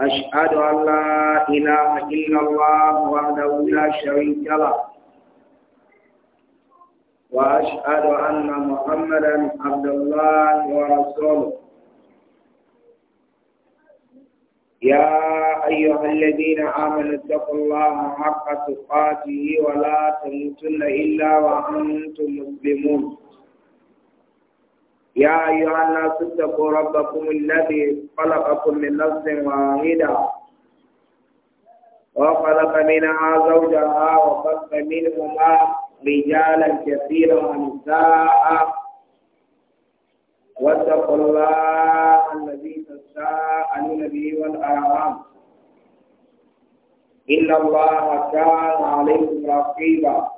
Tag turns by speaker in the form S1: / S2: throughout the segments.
S1: أشهد أن لا إله إلا الله وحده لا شريك له وأشهد أن محمدا عبد الله ورسوله يا أيها الذين آمنوا اتقوا الله حق تقاته ولا تموتن إلا وأنتم مسلمون يا أيها الناس اتقوا ربكم الذي خلقكم من نفس واحدة وخلق منها زوجها وخلق منهما رجالا كثيرا ونساء واتقوا الله الذي تساءلون به والأرحام إن الله كان عليكم رقيبا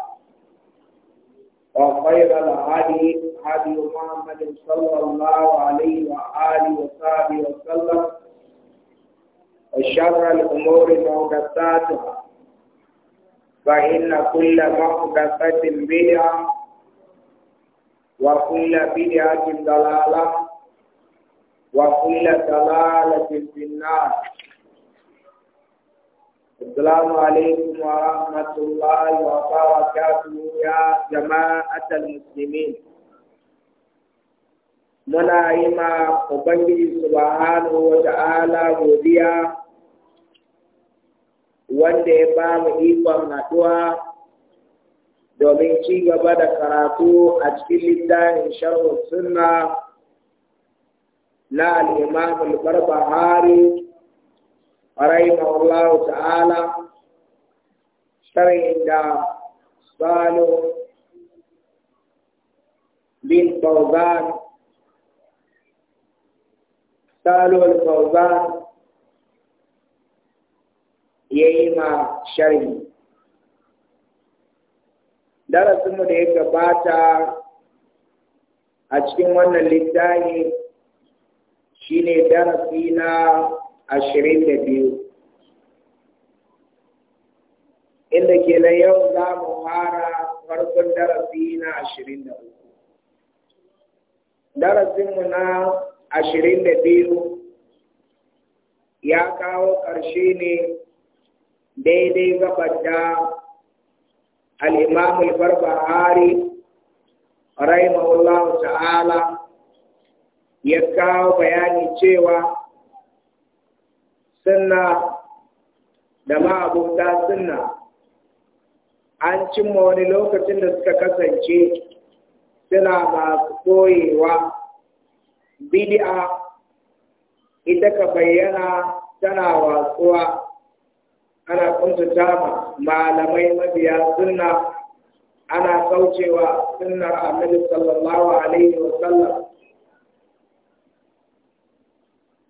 S1: وخير العالي حبي محمد صلى الله عليه وآله وصحبه وسلم وشر الأمور محدثاتها فإن كل محدثة بدعة وكل بدعة ضلالة وكل ضلالة في النار السلام عليكم ورحمة الله وبركاته يا جماعة المسلمين
S2: muna yi ma Ubangiji subhanahu da ta'ala godiya
S1: wanda ya ba mu ikon haɗuwa domin ci gaba da karatu a cikin littafin sharhu sunna na al'imam al-barbahari رحمه الله تعالى شرع دا صالح بن فوزان صالح الفوزان يما شرعي darasinmu da ya gabata a cikin wannan littafi shine darasi na ashirin da biyu inda ke na yau za mu fara farkon darasi na ashirin da uku darasinmu na ashirin da biyu ya kawo ƙarshe ne daidai gabar da al'imamul barbahari rahimahullahu ta'ala ya kawo bayani cewa sunna da ma ma'abuta sunna an cimma wani lokacin da suka kasance suna masu koyewa bidi'a ita ka bayyana tana wasuwa ana kuntata malamai mabiya sunna ana kaucewa sunnar annabi sallallahu alaihi wa sallam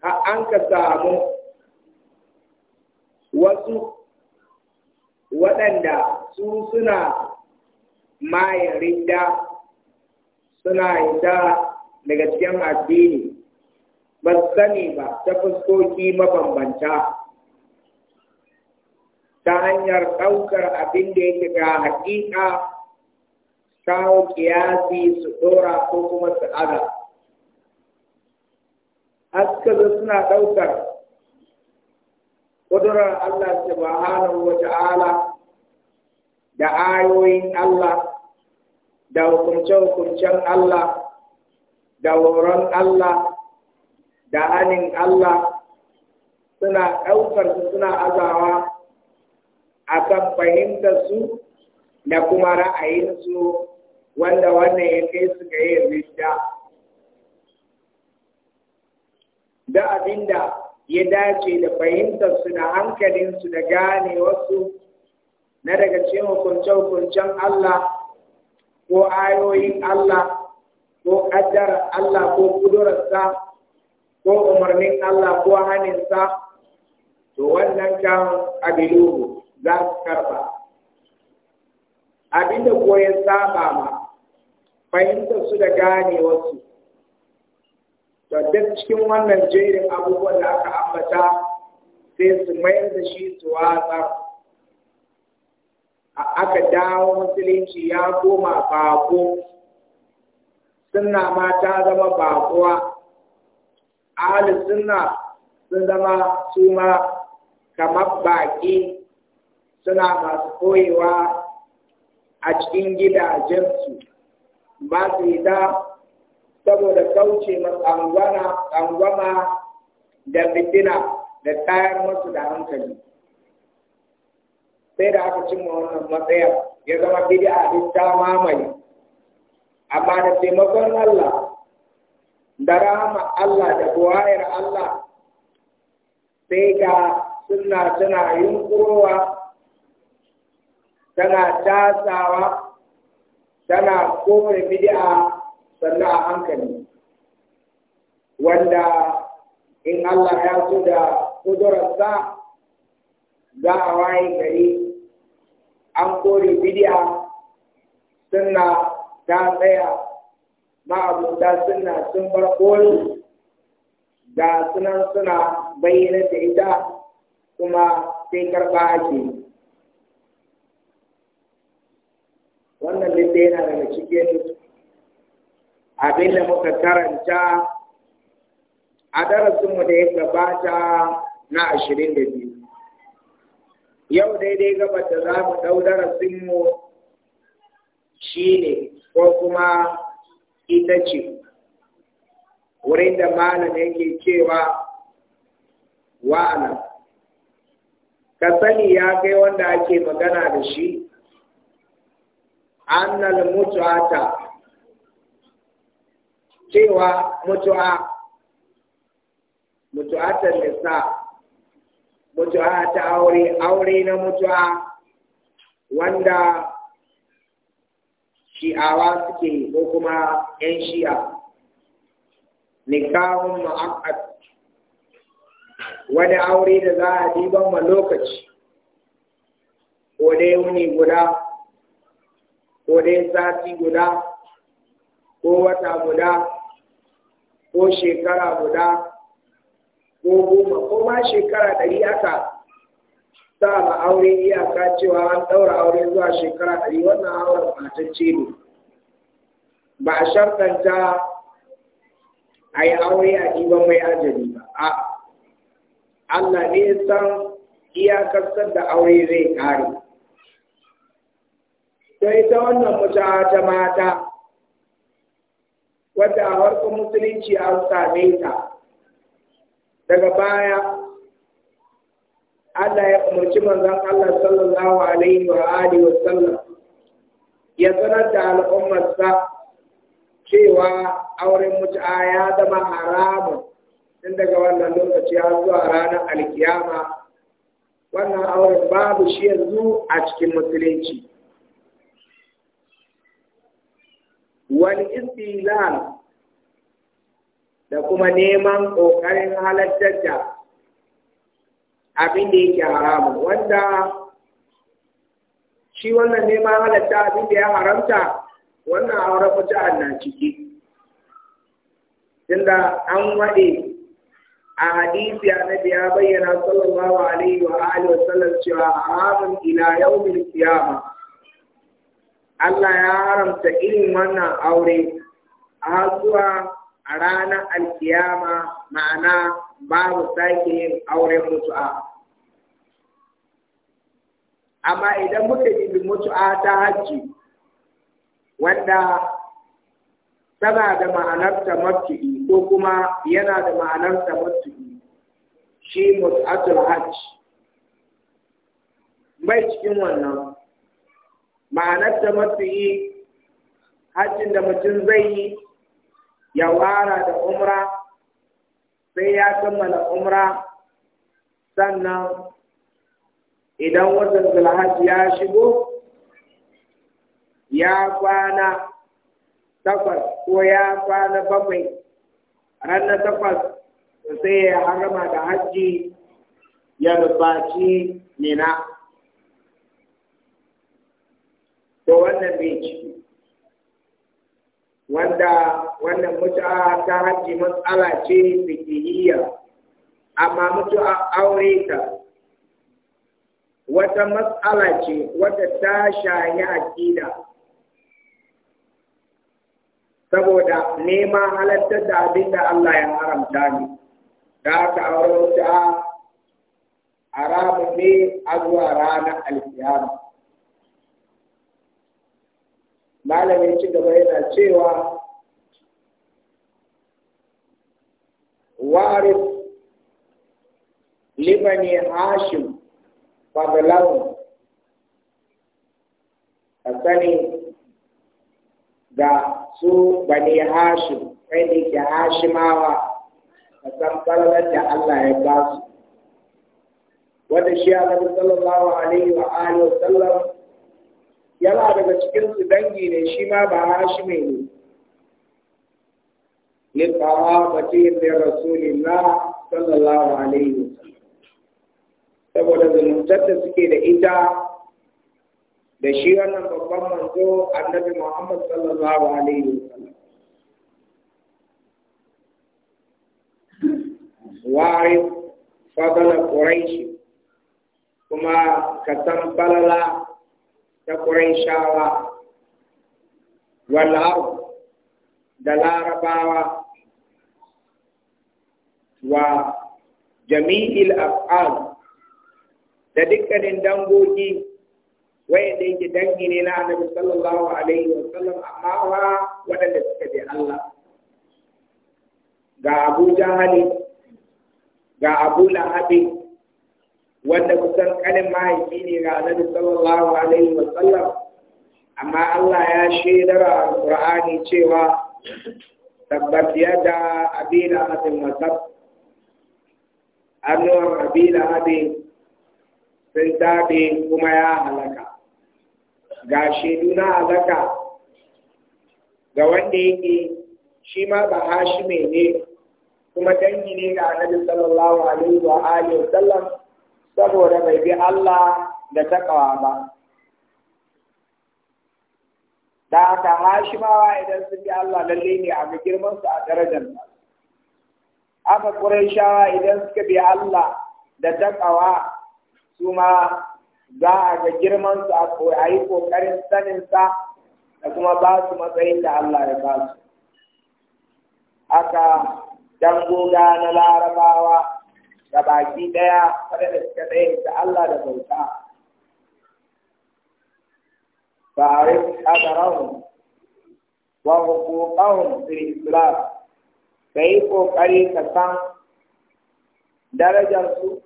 S1: an ka samu wasu waɗanda su suna mayarinda, suna yadda daga cikin addini ba su sani ba ta fuskoki mabambanta ta hanyar ɗaukar abin da yake ga haƙiƙa kawo kiyasi su ɗora ko kuma su aza. zai suna ɗaukar kudurar Allah subhanahu wa ala da ayoyin Allah da hukunce-hukuncen Allah da horon Allah da anin Allah suna ɗaukar su suna azawa a kan fahimtar su da kuma ra'ayinsu wanda wannan ya kai su ga yin ridda da abinda ya dace da fahimtarsu da hankalinsu da gane wasu na daga cikin hukunce-hukuncen Allah ko ayoyin Allah ko ƙaddar Allah ko kudurarsa ko umarnin Allah ko haninsa to wannan kan abiluhu za su karba abinda ko ya saba ma fahimtarsu da gane wasu. to duk cikin wannan jerin abubuwan da aka ambata sai su mayar da shi su watsa aka dawo musulunci ya koma bako sunna ma ta zama bakuwa ahalin sunna sun zama su ma kamar baƙi suna masu koyewa a cikin gidajensu ba su yi da saboda kauce matsangwana angwama da fitina da tayar masu da hankali sai da aka cimma wannan matsaya ya zama gidi a ta mamaye amma da taimakon Allah da rahama Allah da buwayar Allah sai ga suna tana yunkurowa tana tasawa tana kore bid'a sannan a hankali wanda in Allah ya so da kudurarsa za a waye gari an kore bidiya suna ta tsaya ma'abuta suna sun bar koli da sunan suna bayyana da ita kuma sai karɓa ake wannan duk yana daga cikin abin da muka karanta a darasinmu da ya gabata na ashirin da biyu. Yau daidai gabar da za mu ɗau darasinmu shi ne ko kuma ita ce, wurin da malam yake cewa wa'ana. Ka sani ya kai wanda ake magana da shi, annal mutuata cewa mutu'a ta nisa mutu'a ta aure aure na mutu'a wanda shi'awa suke ko kuma 'yan shi'a nikahun mu'aqqat wani aure da za a diban ma lokaci ko dai wuni guda ko dai sati guda ko wata guda ko shekara guda ko goma ko ma shekara ɗari aka sa ma aure iyaka cewa an ɗaura aure zuwa shekara ɗari wannan auren matacce ne ba a shartanta a yi aure a ɗiban mai ajali ba a Allah ne ya san iyakar da aure zai ƙare. Sai ta wannan mutu ta mata wata a harkar musulunci an same ta daga baya Allah ya umarci manzan Allah sallallahu alaihi wa alihi wa sallam ya sanar da al'ummarsa cewa auren mutu'a ya zama haramun tun daga wannan lokaci ya zuwa ranar alkiyama wannan auren babu shi yanzu a cikin musulunci wani istilan da kuma neman ƙoƙarin halartar da abin da yake haramu wanda shi wannan neman halatta abin da ya haramta wannan auren a na ciki tunda an waɗe a hadisi annabi ya bayyana sallallahu alaihi wa alihi wa sallam cewa haramun ila yawmil qiyamah Allah ya haramta irin wannan aure a zuwa a ranar alkiyama ma'ana babu sake yin auren mutu'a. Amma idan muka yi mutu'a ta hajji wanda tana da ma'anar mafi ko kuma yana da ma'anar tamattu'i shi mutu'atul hajji. Bai cikin wannan ma'anar da mafi hajjin da mutum zai yi ya wara da umra sai ya kammala umra sannan idan watan zulhaj ya shigo ya kwana takwas ko ya kwana bakwai ranar takwas sai ya harama da hajji ya rufaci nina wannan bai ciki wanda wannan mutu'a ta haji matsala ce fikiriya amma mutu'a aure ta wata matsala ce wata ta shayi aƙida saboda neman halartar da abin da Allah ya haramta ne da aka aure mutu'a haramun ne a zuwa ranar alkiyama malam ya ci gaba yana cewa wa'arif libani hashim fadlahu ka sani ga su bani hashim kai da ke hashimawa ka san falalar da Allah ya ba su wanda shi a sallallahu alaihi wa alihi wa sallam yana daga cikin su dangi ne shi ma ba shi hashime ne lil qarabati bi rasulillah sallallahu alaihi wasallam saboda zumuntar da suke da ita da shi wannan babban manzo annabi Muhammad sallallahu alaihi wasallam wa'rif fadala quraish kuma ka san balala ta Shawa wal'ar da larabawa wa jami'il af'al da dukkanin dangogi wayanda yake dangi ne na annabi sallallahu alaihi wa sallam amma wa waɗanda suka bi Allah ga Abu Jahali ga Abu Lahabi wanda kusan kanin mahaifi ne ga annabi sallallahu alaihi wa sallam amma Allah ya shaidar a Qur'ani cewa tabbat yada abila hatin wasab annuwar abila hatin sun tabe kuma ya halaka ga shaidu na halaka ga wanda yake shi ma ba hashime ne kuma dangi ne ga annabi sallallahu alaihi wa alihi wa sallam saboda bai bi Allah da takawa ba da haka hashimawa idan sun bi Allah lalle ne a girman su a darajar ba. aka qurayshawa idan suka bi Allah da takawa su ma za a ga girman su a koyi kokarin sanin sa da kuma ba su matsayin da Allah ya ba su aka dangoga na larabawa da baki ɗaya da suka tsaye da Allah da bauta. Ba'arif adarahum wa huquqahum fil Islam kai kokari ka san darajar su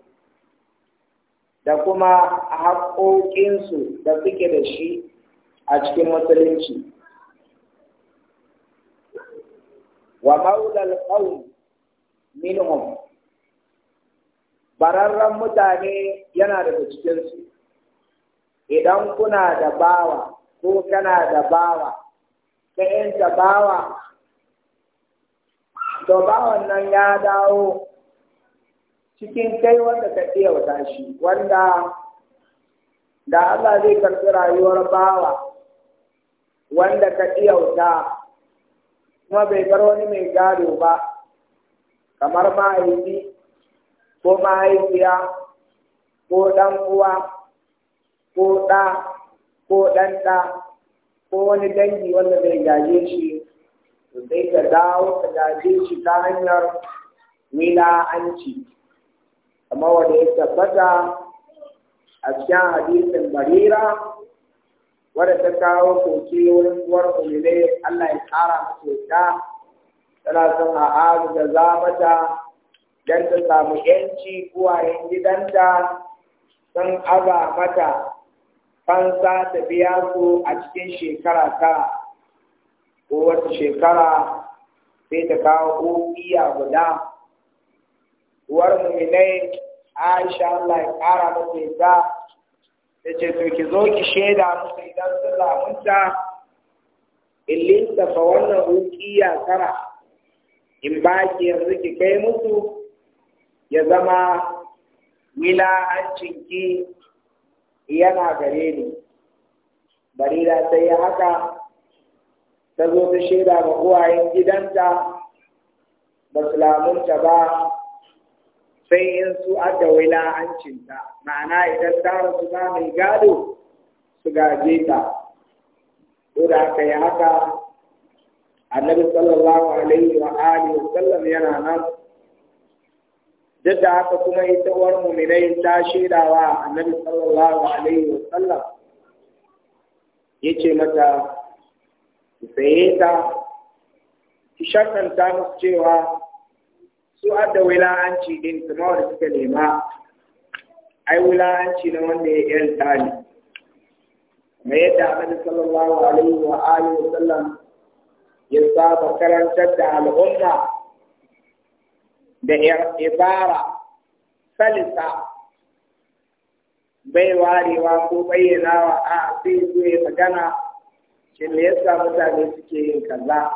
S1: da kuma haƙoƙinsu da suke da shi a cikin musulunci. Wa maulal qawm minhum bararren mutane yana daga cikinsu idan kuna da bawa ko kana da bawa ta da bawa to bawan nan ya dawo cikin kai wanda ka wata shi wanda da Allah zai karɓi rayuwar bawa wanda ka ɗewata kuma bai bar wani mai gado ba kamar ma'aiki ko mahaifiya ko ɗan uwa ko ɗa ko ɗan'ɗa, ko wani dangi wanda zai gaje shi zai ka dawo ka gaje shi ta hanyar wila'anci kamar wanda ya tabbata a cikin hadisin barira wadda ta kawo koki wurin uwar kumile Allah ya kara mata ta, tana son a da za don ta samu ‘yanci uwayen gidanta sun aza mata fansa ta biya su a cikin shekara ta ko wata shekara sai ta kawo ƙofiya guda uwar muminai aisha Allah ya ƙara mata yadda ta ce to ki zo ki shaida musu idan sun lamunta in fa wannan ƙofiya tara in ba ki yanzu ki kai musu ya zama mila'ancinki yana gare ni barira sai yi haka ta zo ta shaida ga uwayen gidanta ba su lamunta ba sai in su adda wila'ancinta ma'ana idan ta rasu ba mai gado su gaje ta ko da aka yi haka annabi sallallahu alaihi wa alihi wa sallam yana nan duk da haka kuma ita uwar muminai ta shaidawa annabi sallallahu alaihi wa sallam yace mata ki saye ta ki shakanta musu cewa su adda wila'anci din kuma wanda suka nema ai wila'anci na wanda ya irin Kuma mai yadda annabi sallallahu alaihi wa alihi wa sallam ya saba karantar da al'umma da ibara salisa bai warewa ko bayyanawa a sai zuwa magana shi me yasa mutane suke yin kaza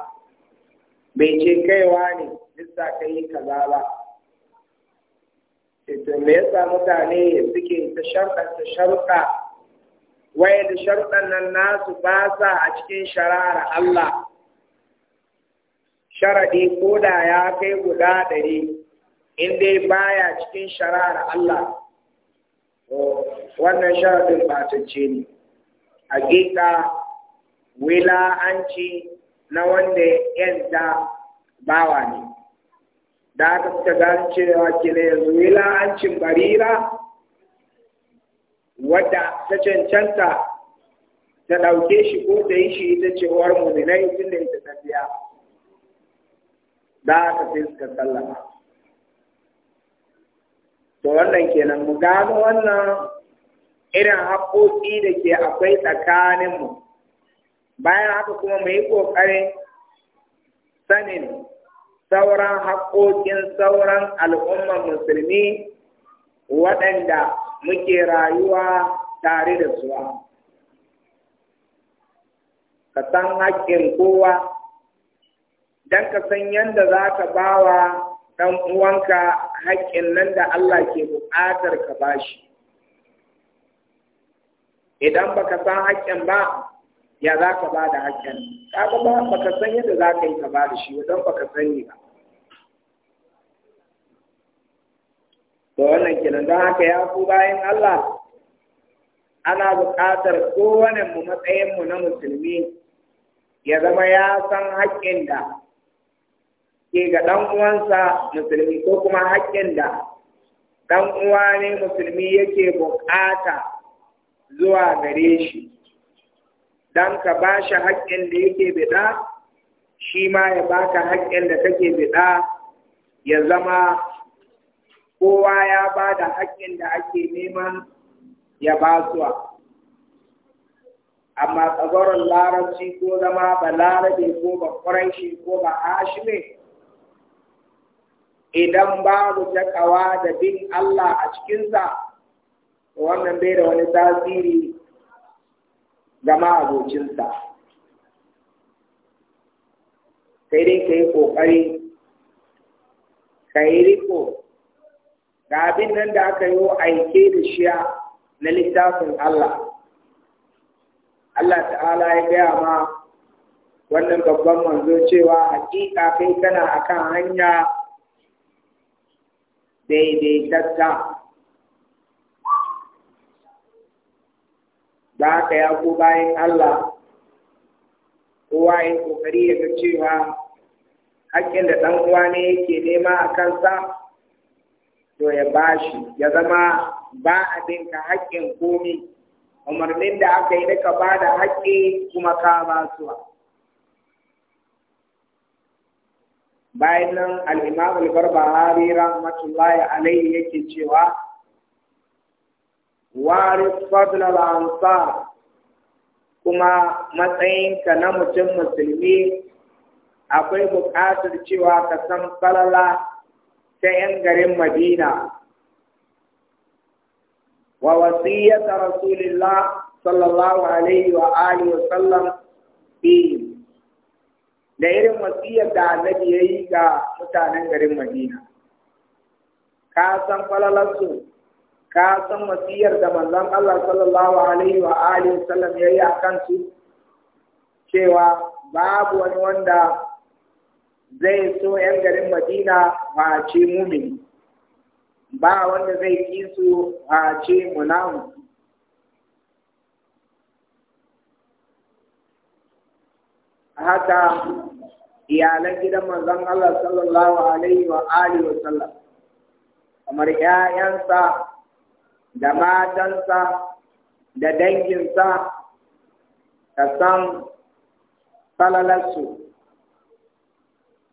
S1: bai ce kaiwa ne ka yi kaza ba to me yasa mutane suke ta ta sharuɗa waye da sharuɗan nan nasu ba sa a cikin shara'ar Allah sharaɗi ko da ya kai guda ɗari in dai baya cikin shari'ar Allah wannan sharaɗin batacce ne hakika wila'anci na wanda yanta bawa ne da aka suka gano cewa kila yanzu wila'ancin barira wadda ta cancanta ta ɗauke shi ko ta yi shi ita ce uwar mu na yi tun da ita tafiya da ta sai suka sallama to wannan kenan mu gano wannan irin haƙoƙi da ke akwai tsakaninmu bayan haka kuma mu yi ƙoƙarin sanin sauran haƙoƙin sauran al'ummar musulmi waɗanda muke rayuwa tare da su ka san haƙƙin kowa dan ka san yanda za ka wa ɗan uwanka haƙƙin nan da Allah ke buƙatar ka ba shi, idan baka san haƙƙin ba ya za ka ba da haƙƙin ga ba baka san yadda za ka yi ka ba da shi don baka sani ba Ba wannan kenan don haka ya fi bayan Allah ana buƙatar kowane mu matsayin mu na musulmi ya zama ya san haƙƙin da ke ga ɗan uwansa musulmi ko kuma haƙƙin da ɗan uwa ne musulmi yake buƙata zuwa gare shi dan ka ba shi haƙƙin da yake biɗa shi ma ya baka haƙƙin da kake biɗa ya zama kowa ya ba da haƙƙin da ake neman ya ba suwa amma tsagoron larabci ko zama ba larabe ko ba ƙwarai ko ba ne idan babu takawa da bin Allah a cikinsa wannan bai da wani tasiri ga ma'abocinsa sai dai ka yi ƙoƙari ka yi riko ga abin nan da aka yi aike da shiya na littafin Allah Allah ta'ala ya gaya ma wannan babban manzo cewa hakika kai kana akan hanya daidaitacca da ka ya bayan Allah kowa yin kokari ya ga cewa haƙƙin da ɗan uwa ne yake nema a kansa to ya bashi ya zama ba abin ka haƙƙin komi umarnin da aka yi ka ba da haƙƙi kuma ka ba suwa bayan nan al-imam al-barbahari alayhi yake cewa warif fadlar al kuma matsayinka na mutum musulmi akwai bukatar cewa ka san falala ta 'yan garin madina wa wasiyyata rasulillah sallallahu alaihi wa alihi wa sallam fi da irin wasiyar da annabi ya yi ga mutanen garin madina ka san falalarsu ka san wasiyar da manzon Allah sallallahu alaihi wa alihi sallam ya yi a kansu cewa babu wani wanda zai so ‘yan garin madina ba ce mumini ba wanda zai ki su ba ce munamu haka iyalan gidan manzon Allah sallallahu alaihi wa alihi wa sallam kamar 'ya'yansa da matansa da danginsa ka san falalarsu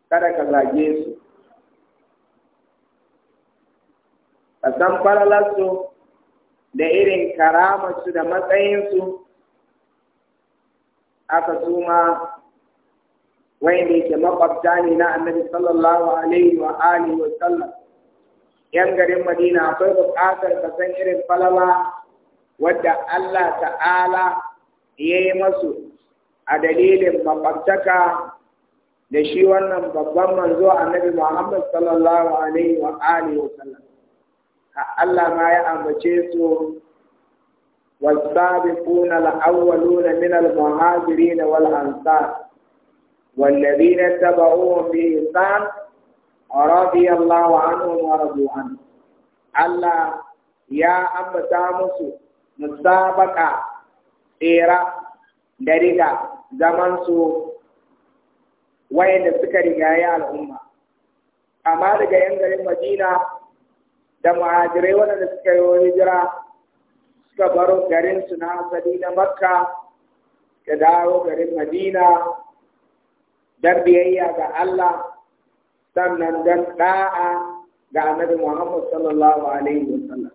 S1: kada ka zage su ka san falalarsu da irin karamarsu da matsayinsu aka suma wanda yake makwabta ne na annabi sallallahu alaihi wa alihi wa sallam yan garin madina akwai buƙatar ka san irin falala wadda Allah ta'ala ya yi masu a dalilin makwabtaka da shi wannan babban manzo annabi Muhammad sallallahu alaihi wa alihi wa sallam Allah ma ya ambace su والسابقون الأولون من المهاجرين والأنصار Allah wa بإحسان رضي الله عنهم allah ya الله يا أم تامس مسابقة tsira da riga zamansu wayanda suka rigaye al'umma amma daga yan garin madina da muhajirai waɗanda suka yi hijira suka baro garin su na asali na makka ka dawo garin madina dan biyayya ga Allah sannan dan da'a ga annabi Muhammad sallallahu alaihi wasallam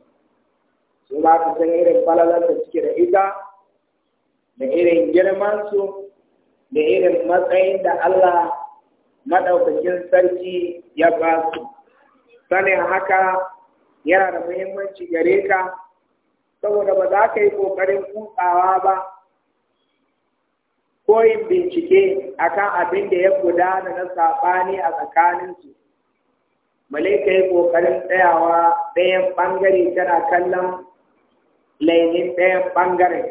S1: su ba ku san irin falalar da suke da ita da irin girman su da irin matsayin da Allah madaukakin sarki ya ba su sanin haka yana da muhimmanci gare ka saboda ba za ka yi ƙoƙarin kutsawa ba ko yin bincike akan abin da ya gudana na saɓani a tsakaninsu malaika ya ƙoƙarin tsayawa ɗayan ɓangare tana kallon lainin ɗayan ɓangare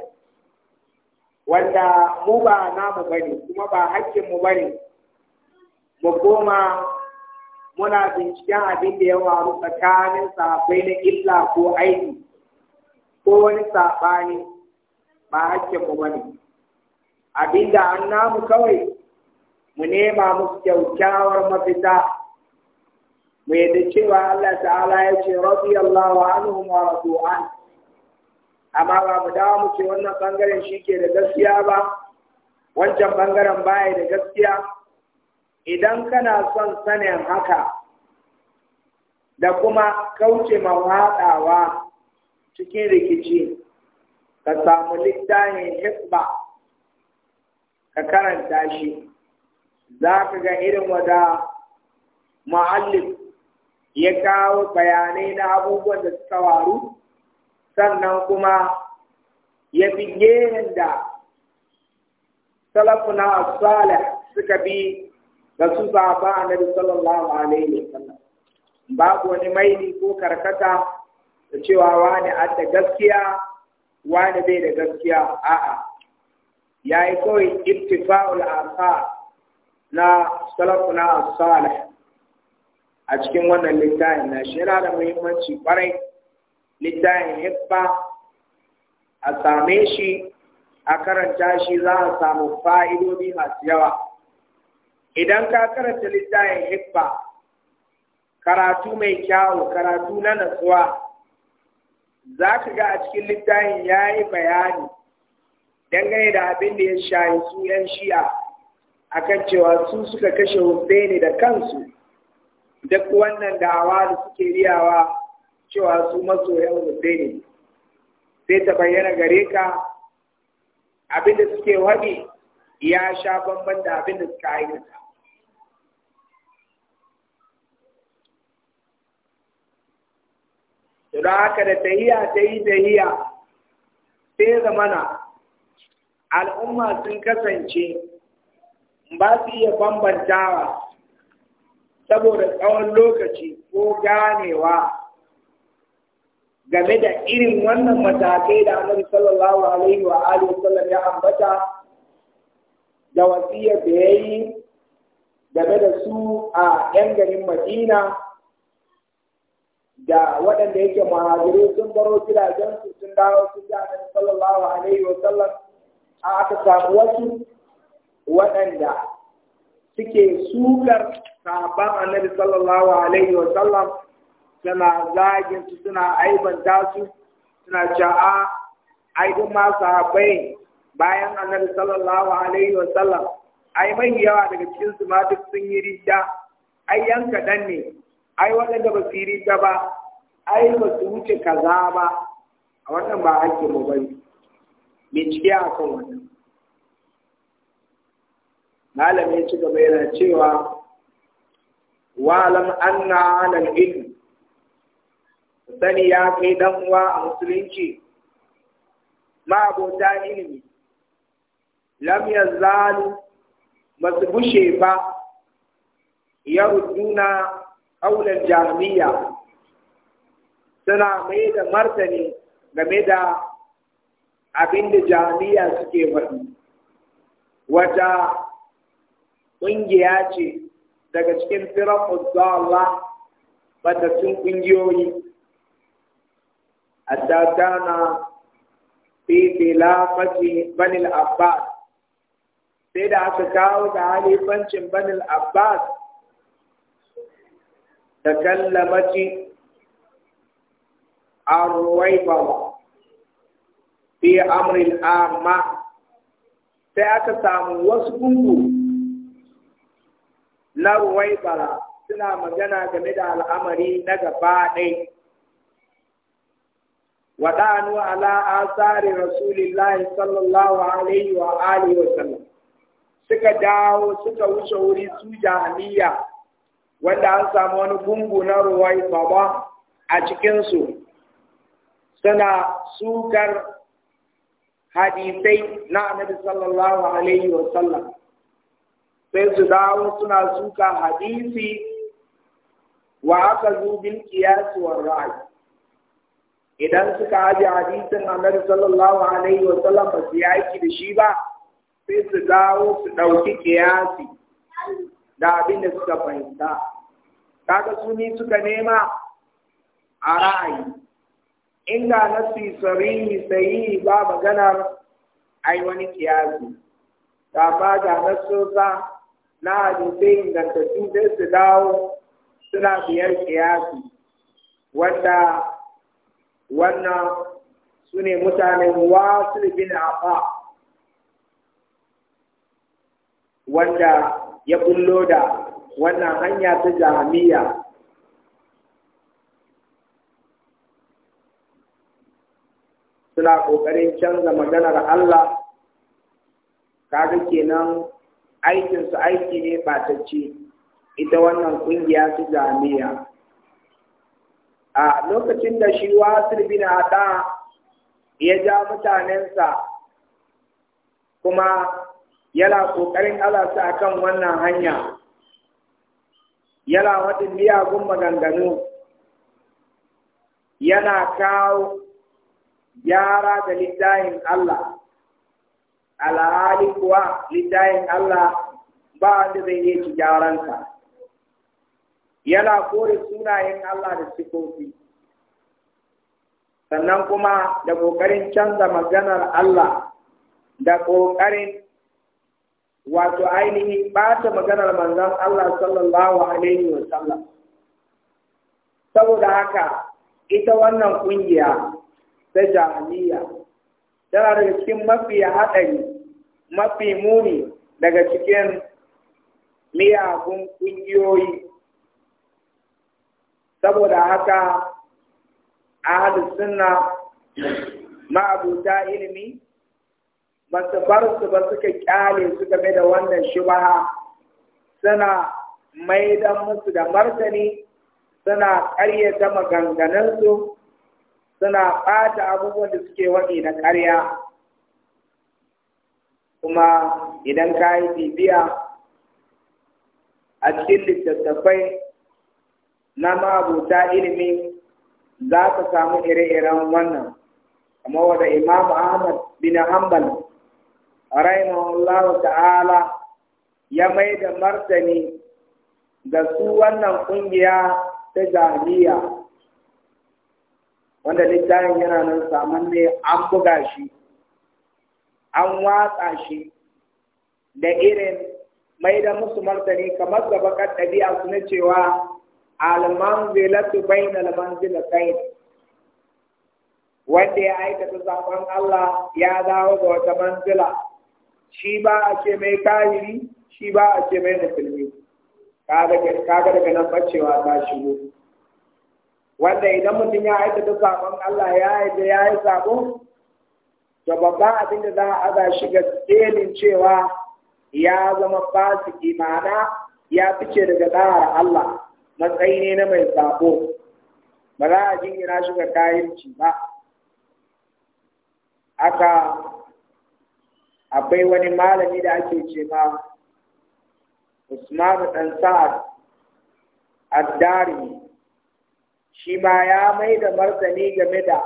S1: wanda mu ba namu bane kuma ba mu bane mu koma muna binciken abin da ya waru tsakanin saɓai na illa ko aiki ko wani saɓani ba mu bane abinda an namu kawai mu nema musu kyaukyawar mafita mu yadda cewa Allah ta'ala ya ce radiyallahu anhum wa radu an amma ba mu dawo mu ce wannan bangaren shi ke da gaskiya ba wancan bangaren baya da gaskiya idan kana son sanin haka da kuma kauce ma cikin rikici ka samu littafin hisba ka karanta shi za ka ga irin wada ma'allif ya kawo bayanai na abubuwan da suka waru sannan kuma ya fi gehen da salafuna suka bi ga su zaba da sallallahu alaihi Ba babu wani maini ko karkata da cewa wani adda gaskiya wani bai da gaskiya a'a ya yi kawai irtifa'ul asa na salafuna as a cikin wannan littafin na shi da muhimmanci kwarai littafin hibba a same shi a karanta shi za a samu fa'idobi masu yawa idan ka karanta littafin hibba karatu mai kyawu karatu na natsuwa za ka ga a cikin littafin ya yi bayani dangane da abin da ya shayi su ‘yan shi'a kan cewa su suka kashe ne da kansu duk wannan da da suke riyawa cewa su masoyan ne, sai ta bayyana gare ka abin da suke waɗi ya sha bamban da abin da suka aikata. Don haka da tahiya ta yi tahiya sai zamana al'umma sun kasance ba su iya bambantawa saboda tsawon lokaci ko ganewa game da irin wannan matakai da annabi sallallahu alaihi wa alihi sallam ya ambata da wasiyar da ya yi game da su a 'yan garin madina da waɗanda yake muhajirai sun baro gidajensu sun dawo su ji annabi sallallahu alaihi wa sallam a aka samu wasu waɗanda suke sukar sabon annabi sallallahu alaihi wa sallam suna zagin su suna aibanta su suna ja'a aibin ma sahabbai bayan annabi sallallahu alaihi wa sallam ai mai yawa daga cikin su ma duk sun yi rida ai yan kaɗan ne ai waɗanda ba su yi rida ba ai ba su wuce kaza ba a wannan ba ake mu bari bincike a kan wannan Malami ya ci gaba yana cewa wa'alam anna alal ilm sani ya kai dan uwa a musulunci ma abota ilimi lam yazalu masu bushe ba yarudduna qawlan jami'a. suna mai da martani game da abinda jami'a suke faɗi wata ƙungiya ce daga cikin firar Allah batattun ƙungiyoyi hatta na fi khilafati banil abbas sai da aka kawo da halifancin banil abbas takallamati arwaibawa fi amrin amma sai aka samu wasu gungu na bara, suna magana game da al'amari na gaba ɗai waɗanu ala asari rasulillahi sallallahu alaihi wa alihi wa sallam suka dawo suka wuce wuri su jahiliya wanda an samu wani gungu na ruwai baba a cikinsu suna sukar hadisai na annabi sallallahu alaihi wa sallam sai su dawo suna suka hadisi wa aka zo bil qiyas wa ra'y idan suka aje hadisin annabi sallallahu alaihi wa sallam ba su yaki da shi ba sai su dawo su dauki qiyasi da abin da suka fahimta kaga su ni suka nema a ra'ayi inda nasi sari sayi ba maganar ai wani kiyasi ta ba da nasosa na hadisai ta sai su dawo suna biyar kiyasi wanda wannan su ne wa su bin afa wanda ya bullo da wannan hanya ta jami'a suna ƙoƙarin canza maganar Allah kaga kenan aikinsu aiki ne ɓatacce ita wannan ƙungiya su jami'a a lokacin da shi wa bin haɗa ya ja mutanensa kuma yana ƙoƙarin Allah a kan wannan hanya yana waɗin miyagun maganganu yana kawo yara da littayin Allah alhali kuwa littayin Allah ba da zai yi ci gyaransa yana kore sunayen Allah da sifofi sannan kuma da ƙoƙarin canza maganar Allah da ƙoƙarin wato ba ɓata maganar manzon Allah sallallahu alaihi wa sallam saboda haka ita wannan ƙungiya ta jahiliya tana daga cikin mafi haɗari mafi muni daga cikin miyagun ƙungiyoyi saboda haka ahalus sunna ma'abuta ilimi ba su bar su ba suka kyale su game da wannan shubaha suna maidan musu da martani suna ƙaryata maganganunsu suna ɓata abubuwan da suke waɗi na ƙarya kuma idan ka yi bibiya a cikin littattafai na mabuta ilimi za ka samu ire-iren wannan kuma wadda imam ahmad bin hanbal rahimahullah ta'ala ya mai da martani ga su wannan ƙungiya ta jahiliya wanda littafin yana nan saman ne an buga shi an watsa shi da irin mai da musu martani kamar da bakar ɗabi'a su na cewa Alman bai na alman zilatai wanda ya aikata sabon Allah ya dawo ga wata manzila shi ba a ce mai kahiri shi ba a ce mai musulmi kaga daga nan bacewa ta shigo wanda idan mutum ya aikata sabon Allah ya yi ya yi sabon to babban abin da za a aza shi ga cewa ya zama fasi ma'ana ya fice daga tsara Allah matsayi ne na mai sabo ba za a jingina shi ga kayanci ba aka akwai wani malami da ake ce ma Usman ɗan Sa'ad Addari shi ba ya mai da martani game da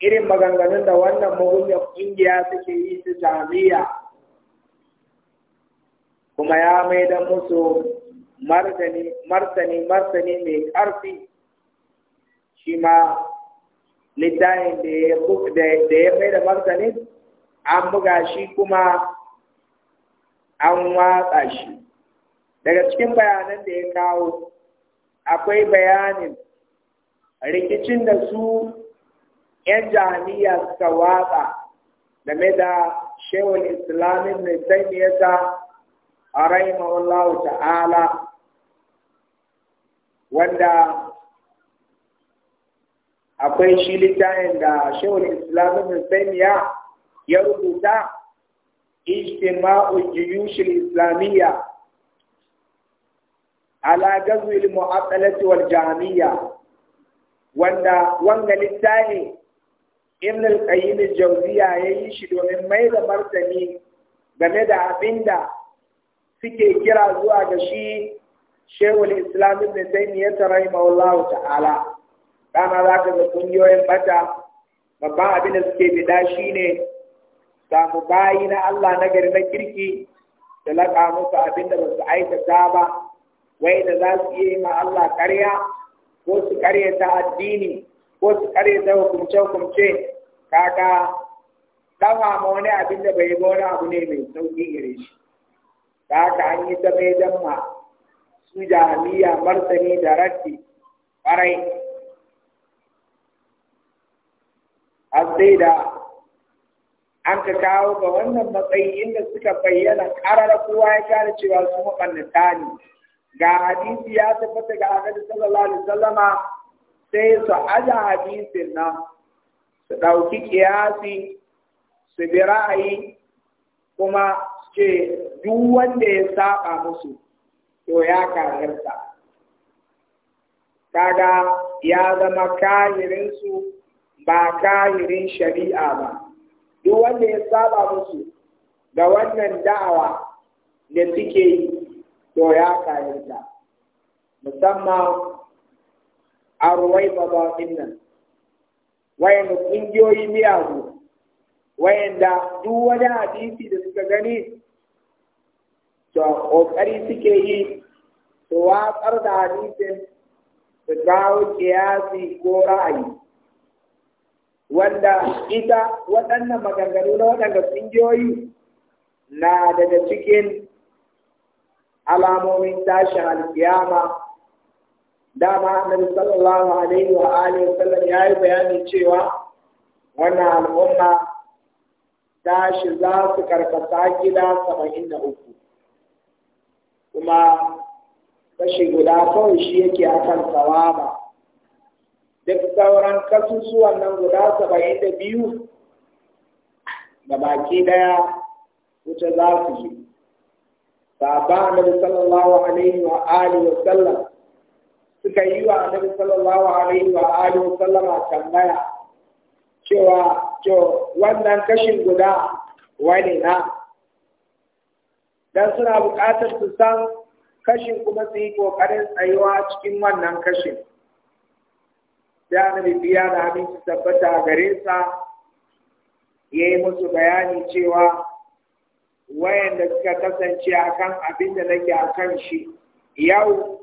S1: irin maganganun da wannan mahunyar ƙungiya suke yi su jami'a kuma ya mai da musu martani martani martani mai ƙarfi shi ma littafin da ya mai da martani an buga shi kuma an watsa shi daga cikin bayanan da ya kawo akwai bayanin rikicin da su ‘yan jahiliya suka watsa game da shehun islamin mai taimiyata a rahimahullahu ta'ala wanda akwai shi littafin da shehun islamin mai taimiya ya rubuta ijtima'u juyushil islamiyya على جزء المعطلة والجامية wanda wanga littafi ibn al-qayyim al-jawziya yayi shi domin mai da martani game da abinda suke kira zuwa ga shi shehul islam ibn taymiyyah rahimahullahu ta'ala kana za ka ga kungiyoyin bata babban abin da suke bida shine samu bayi na Allah na gari na kirki da laƙa musu abin da ba su aikata ba wai da za su yi ma Allah ƙarya ko su karyata addini ko su karyata hukunce hukunce kaka hama wani abin da bai ba wani abu ne mai sauƙi gare shi da haka an yi ta mai damma su jami'a martani da raddi ƙwarai har an ka kawo ga wannan matsayi inda suka bayyana ƙarar kowa ya gane cewa su maɓannata ne ga hadisi ya tabbata ga annabi sallallahu alaihi wasallama sai su aja hadisin nan su ɗauki kiyasi su bi ra'ayi kuma ce duk wanda ya saba musu to ya karirta. kaga ya zama su ba kahirin shari'a ba duk wanda ya saba musu ga wannan da'awa da suke yi to ya kayanta musamman a ruwai babawin nan da ƙungiyoyi miyagu wayanda duk wani hadisi da suka gani to ƙoƙari suke yi su watsar da hadisin su kawo kiyasi ko ra'ayi wanda ita waɗannan maganganu na waɗanda ƙungiyoyi na daga cikin alamomin tashin alkiyama dama na sallallahu alaihi wa alihi wa sallam ya yi bayanin cewa wannan al'umma tashi za su karkasa gida saba'in da uku kuma kashi guda kawai shi yake akan sawaba duk sauran kasusuwan nan guda saba'in da biyu da baki daya wuce za su yi sahaba annabi sallallahu alaihi wa alihi wa sallam suka yi wa annabi sallallahu alaihi wa alihi wa sallama tambaya cewa to wannan kashin guda wani na dan suna buƙatar su san kashin kuma su yi ƙoƙarin tsayuwa cikin wannan kashin da annabi biya da aminci tabbata gare sa ya yi musu bayani cewa wayanda suka kasance a kan abin da nake akan shi yau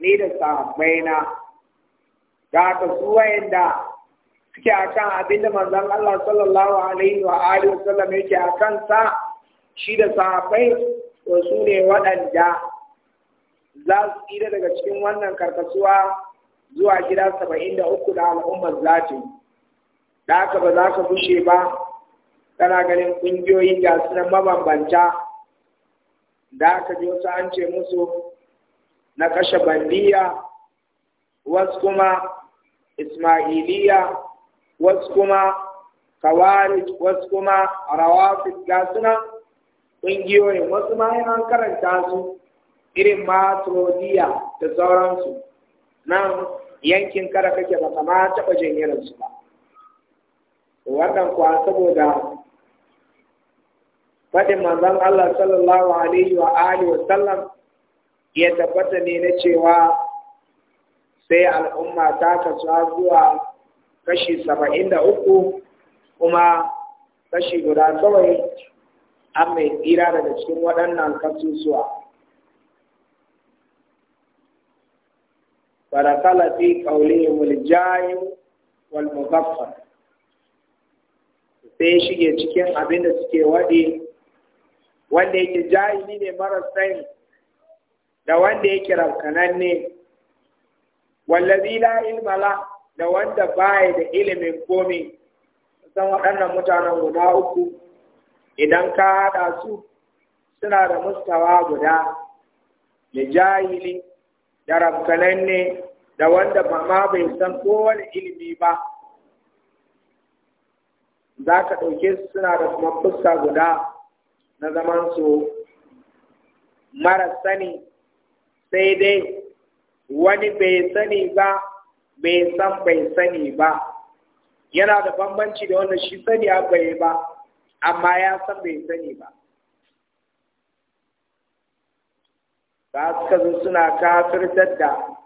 S1: ni da sahabbaina da ka su wayanda suke akan abin da manzan Allah sallallahu alaihi wa alihi wa sallam yake akan sa shi da sahabbai to su ne waɗanda za su tsira daga cikin wannan karkasuwa zuwa gida saba'in da uku da al'ummar zatin da haka ba za ka bushe ba kana ganin ƙungiyoyi ga su nan mabambanta da aka ji wasu an ce musu na kashe bandiya wasu kuma ismailiya wasu kuma kawarij wasu kuma rawafis ga su nan ƙungiyoyin wasu ma yana karanta su irin matrodiya da sauransu nan yankin kada kake ba kama taɓa jin irinsu ba wannan kuwa saboda faɗin manzon Allah sallallahu alaihi wa alihi wa sallam ya tabbata ne na cewa sai al'umma ta kasu zuwa kashi saba'in da uku kuma kashi guda kawai an mai tsira daga cikin waɗannan kasusuwa. فدخل في قولهم الجاهل والمغفل sai shige cikin abin da suke waɗe wanda yake jahili ne marar sani da wanda yake rafkananne wallazi la ilma la da wanda baya da ilimin komi san waɗannan mutanen guda uku idan ka haɗa su suna da mustawa guda da jahili da rafkananne da wanda ba ma bai san kowane ilimi ba za ka ɗauke su suna da kuma fuska guda na zamansu mara sani sai dai wani bai sani ba bai san bai sani ba yana da bambanci da wanda shi sani a yi ba amma ya san bai sani ba ba suka zo suna kafirtar da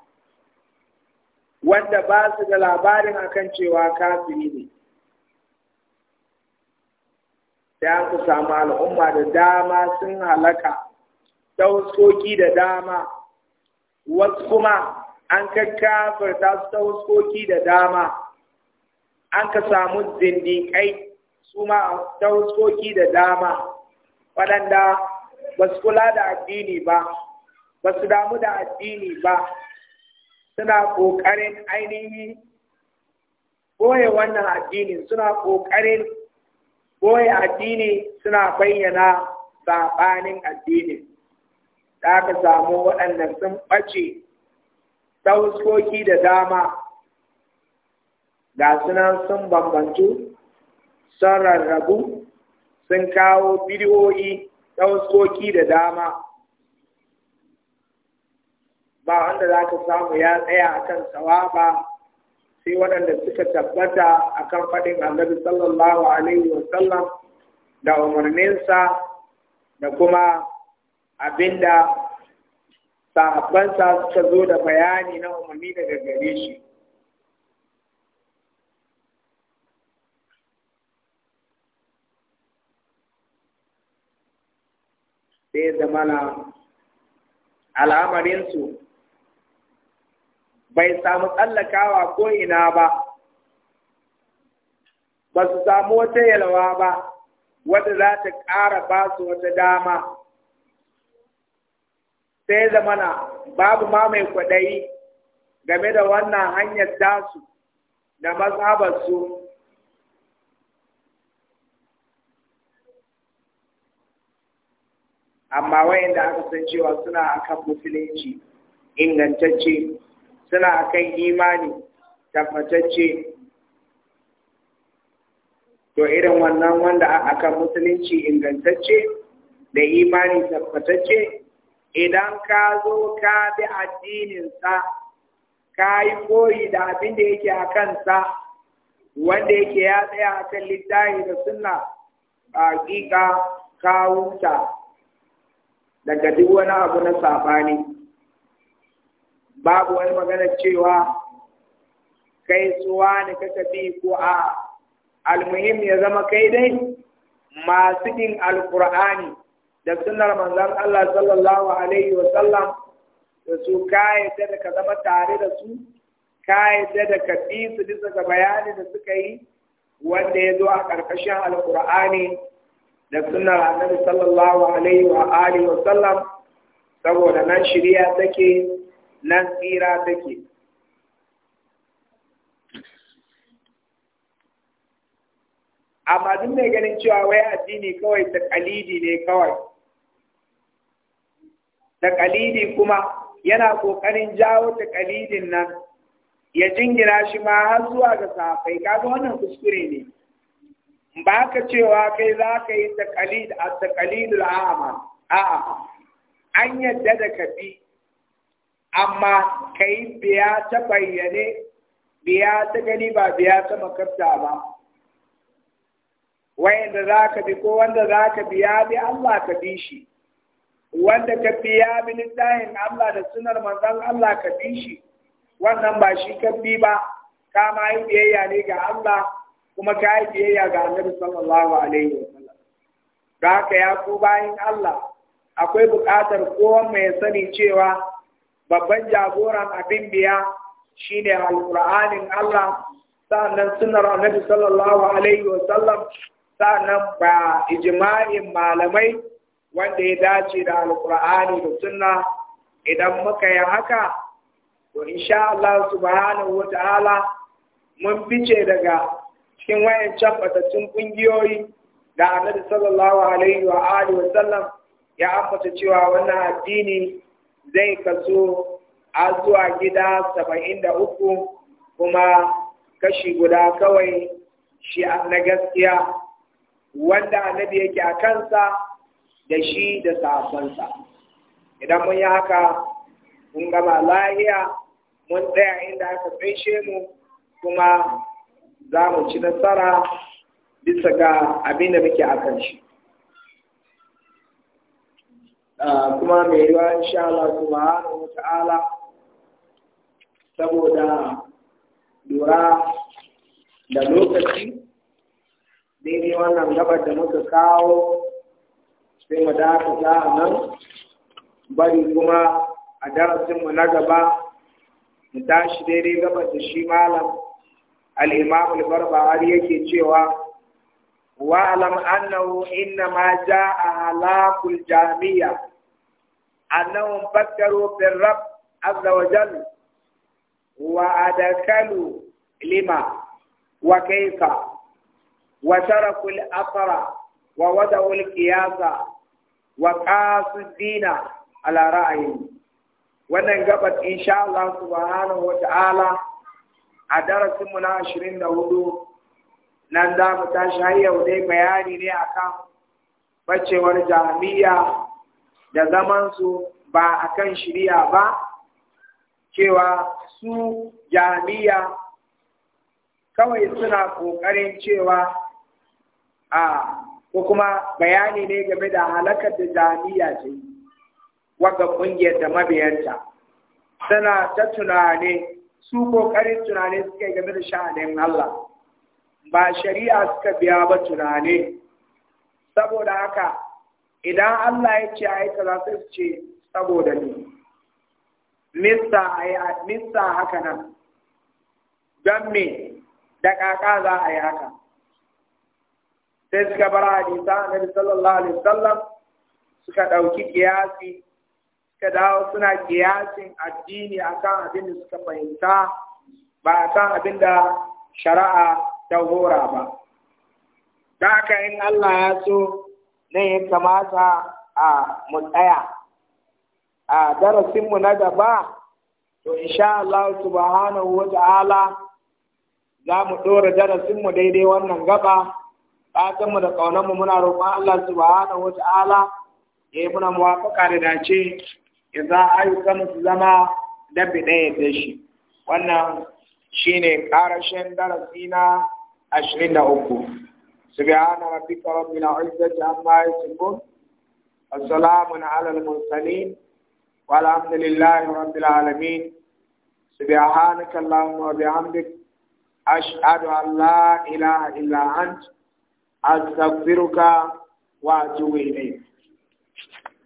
S1: wanda ba su da labarin akan cewa kafiri ne Da an ku samu al'umma da dama sun halaka ta huskoki da dama wasu kuma an kakkafarta su ta huskoki da dama an ka samu zindiƙai su ma ta huskoki da dama waɗanda ba su kula da addini ba ba su damu da addini ba suna ƙoƙarin ainihi boye wannan addinin suna ƙoƙarin boye addini suna bayyana saɓanin addini da aka samu waɗannan sun ɓace ta da dama ga sunan sun bambantu sun rarrabu sun kawo bidiyoyi ta da dama ba wanda za ka samu ya tsaya akan ba. sai waɗanda suka tabbata akan faɗin annabi sallallahu alaihi wa sallam, da umarninsa da kuma abinda sahabbansa suka zo da bayani na umarni daga gare shi sai zamana al'amarinsu bai samu tsallakawa ko ina ba ba su samu wata yalwa ba wadda za ta ƙara ba su wata dama sai zamana babu ma mai kwaɗayi game da wannan hanyar tasu da mazhabarsu amma wayanda aka san cewa suna akan musulunci ingantacce suna kan imani tabbatacce to irin wannan wanda a akan musulunci ingantacce da imani tabbatacce idan ka zo ka bi addininsa ka yi koyi da abin da yake a kansa wanda yake ya tsaya a kan littafi da suna a hakika ka wuta daga duk wani abu na saɓani. babu wani magana cewa kai suwa ne kaka bi ko a almuhim ya zama kai dai masu din alkur'ani da sunar manzan Allah sallallahu alaihi wa sallam da su kai da ka zama tare da su kai da ka bi su bisa ga bayani da suka yi wanda ya zo a ƙarƙashin alkur'ani da sunar annabi sallallahu alaihi wa alihi wa sallam saboda nan shirya take nan tsira take amma duk mai ganin cewa wai addini kawai ta kalidi ne kawai ta kalidi kuma yana kokarin jawo ta kalidin nan ya jingina shi ma har zuwa ga safai kaga wannan kuskure ne ba ka cewa kai za ka yi ta takalid a takalidul a'ama a'a an yadda da ka bi amma kai biya ta bayyane biya ta gani ba biya ta makarta ba wayanda za ka bi ko wanda za ka biya bi Allah ka bi shi wanda ka biya bi littahin Allah da sunar manzon Allah ka bi shi wannan ba shi ka bi ba ka ma yi biyayya ne ga Allah kuma ka yi biyayya ga Annabi sallallahu alaihi wasallam da ka ya ku bayin Allah akwai buƙatar kowa mai sani cewa babban jagoran abin biya shine alqur'anin Allah sa'annan sunar annabi sallallahu alaihi wa sallam sa'annan ba ijma'in malamai wanda ya dace da Alkur'ani da sunna idan muka yi haka to insha Allah subhanahu wa ta'ala mun fice daga cikin wayancan batattun ƙungiyoyi da annabi sallallahu alaihi wa alihi wa sallam ya ambata cewa wannan addini zai kaso a zuwa gida saba'in da uku kuma kashi guda kawai shi na gaskiya wanda annabi yake a kansa da shi da sabonsa idan mun yi haka mun gama lahiya mun tsaya inda aka tsaishe mu kuma za mu ci nasara bisa ga abin da muke a kan shi Ah, kuma mai yiwa insha Allah subhanahu wa ta'ala saboda lura da lokaci daidai wannan gabar da muka kawo sai mu za a nan bari kuma a mu na gaba mu tashi daidai gabar da shi malam al'imamul har yake cewa Wa Alamanna in na ma ja a halaƙun jami'a a nawan faddar wobin Raba Abdullahi, wa adakalu ilima wa kaiƙa, wa taraful afara, wa wata mulkiyata, wa ƙasa dina al'ada, wannan gabar insha za su wahala wa Ta'ala a darasin mu na ashirin hudu. nan za mu tashi har yau dai bayani ne akan bacewar jami'a da zaman su ba akan shirya ba cewa su jami'a kawai suna ƙoƙarin cewa a ko kuma bayani ne game da halakar da jami'a ce waga ƙungiyar da mabiyanta suna ta tunane su ƙoƙarin tunane suke game da sha'anin Allah ba shari'a suka biya ba tunane saboda haka idan Allah ya ce ai kaza sai su ce saboda ni mista ai mista haka nan dan me da kaka za a yi haka sai suka bar hadisa annabi sallallahu alaihi wasallam suka dauki kiyasi suka dawo suna kiyasin addini akan abin da suka fahimta ba akan abin da shari'a ta hora ba da haka in Allah ya so ne ya kamata a mu tsaya a darasinmu na gaba to insha Allah subhanahu wa ta'ala za mu ɗora darasinmu daidai wannan gaba mu da ƙaunanmu muna roƙon Allah subhanahu wa ta'ala ya yi muna muwafaƙa da dace ya za a yi su zama dabi ɗaya da shi wannan shine ƙarashin darasi na ashirin da uku subhana rabbika rabbil izzati amma yasifun assalamu ala al mursalin walhamdulillahi rabbil alamin subhanaka allahumma wa bihamdik ashhadu an la ilaha illa ant astaghfiruka wa atubu ilayk